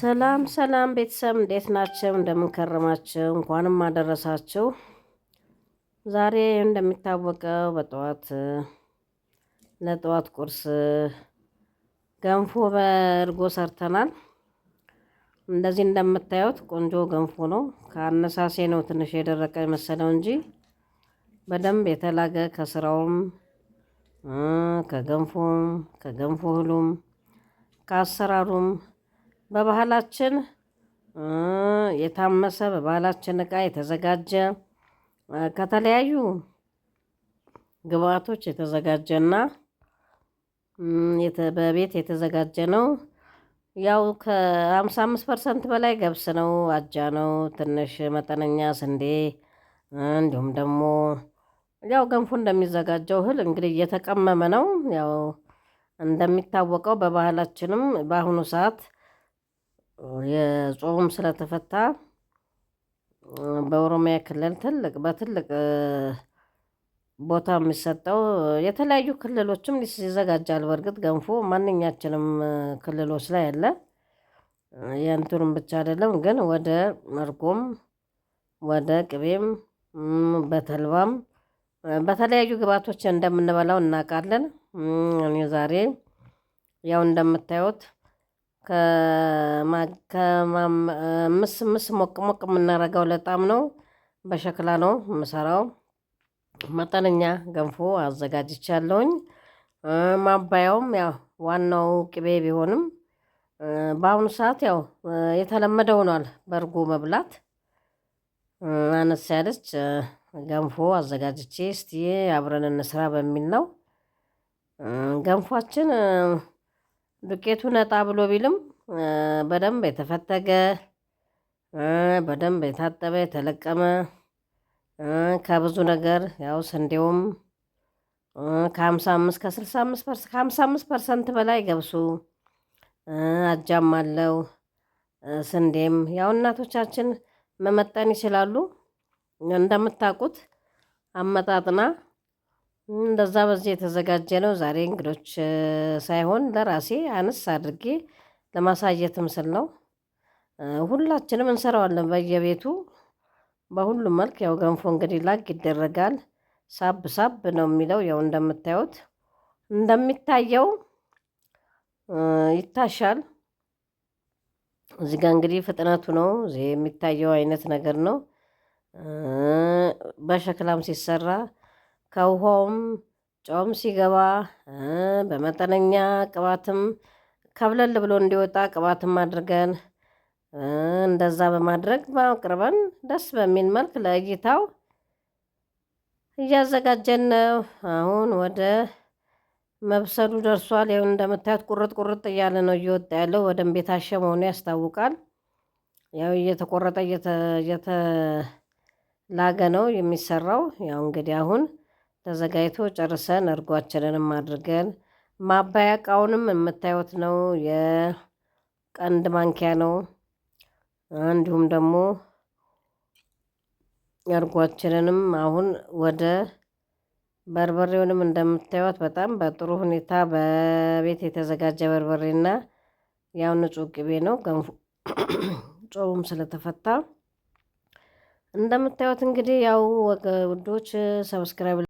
ሰላም ሰላም ቤተሰብ እንዴት ናቸው? እንደምንከረማቸው እንኳንም አደረሳቸው። ዛሬ እንደሚታወቀው በጠዋት ለጠዋት ቁርስ ገንፎ በእርጎ ሰርተናል። እንደዚህ እንደምታዩት ቆንጆ ገንፎ ነው። ከአነሳሴ ነው ትንሽ የደረቀ የመሰለው እንጂ በደንብ የተላገ ከስራውም ከገንፎም ከገንፎ እህሉም ከአሰራሩም በባህላችን የታመሰ በባህላችን እቃ የተዘጋጀ ከተለያዩ ግብአቶች የተዘጋጀና በቤት የተዘጋጀ ነው። ያው ከሀምሳ አምስት ፐርሰንት በላይ ገብስ ነው፣ አጃ ነው፣ ትንሽ መጠነኛ ስንዴ እንዲሁም ደግሞ ያው ገንፎ እንደሚዘጋጀው እህል እንግዲህ እየተቀመመ ነው። ያው እንደሚታወቀው በባህላችንም በአሁኑ ሰዓት የጾም ስለተፈታ በኦሮሚያ ክልል ትልቅ በትልቅ ቦታ የሚሰጠው የተለያዩ ክልሎችም ይዘጋጃል። በእርግጥ ገንፎ ማንኛችንም ክልሎች ላይ አለ። የእንቱንም ብቻ አይደለም ግን ወደ መርጎም ወደ ቅቤም በተልባም በተለያዩ ግብአቶች እንደምንበላው እናውቃለን። እኔ ዛሬ ያው እንደምታዩት ምስ ምስ ሞቅ ሞቅ የምናረገው ለጣም ነው። በሸክላ ነው የምሰራው። መጠነኛ ገንፎ አዘጋጅቻለሁኝ። ማባያውም ያው ዋናው ቅቤ ቢሆንም በአሁኑ ሰዓት ያው የተለመደ ሆኗል በእርጎ መብላት። አነስ ያለች ገንፎ አዘጋጅቼ እስቲ አብረን እንስራ በሚል ነው ገንፏችን ዱቄቱ ነጣ ብሎ ቢልም በደንብ የተፈተገ በደንብ የታጠበ የተለቀመ ከብዙ ነገር ያው ስንዴውም ከሀምሳ አምስት ከስልሳ አምስት ፐርሰንት ከሀምሳ አምስት ፐርሰንት በላይ ገብሱ አጃም አለው። ስንዴም ያው እናቶቻችን መመጠን ይችላሉ። እንደምታውቁት አመጣጥና እንደዛ በዚህ የተዘጋጀ ነው። ዛሬ እንግዶች ሳይሆን ለራሴ አነስ አድርጌ ለማሳየት ምስል ነው። ሁላችንም እንሰራዋለን በየቤቱ በሁሉም መልክ። ያው ገንፎ እንግዲህ ላግ ይደረጋል። ሳብ ሳብ ነው የሚለው ያው እንደምታዩት እንደሚታየው ይታሻል። እዚህ ጋ እንግዲህ ፍጥነቱ ነው የሚታየው አይነት ነገር ነው። በሸክላም ሲሰራ ከውሃውም ጨውም ሲገባ በመጠነኛ ቅባትም ከብለል ብሎ እንዲወጣ ቅባትም አድርገን እንደዛ በማድረግ ማቅርበን ደስ በሚል መልክ ለእይታው እያዘጋጀን ነው። አሁን ወደ መብሰሉ ደርሷል። ይሁን እንደምታዩት ቁርጥ ቁርጥ እያለ ነው እየወጣ ያለው። በደንብ የታሸ መሆኑ ያስታውቃል። ያው እየተቆረጠ እየተላገ ነው የሚሰራው። ያው እንግዲህ አሁን ተዘጋጅቶ ጨርሰን እርጓችንንም አድርገን ማባያ እቃውንም የምታዩት ነው። የቀንድ ማንኪያ ነው። እንዲሁም ደግሞ እርጓችንንም አሁን ወደ በርበሬውንም እንደምታዩት በጣም በጥሩ ሁኔታ በቤት የተዘጋጀ በርበሬና ያው ንጹህ ቅቤ ነው። ገንፎ ጾሙም ስለተፈታ እንደምታዩት እንግዲህ ያው ወገዶች ሰብስክራይብ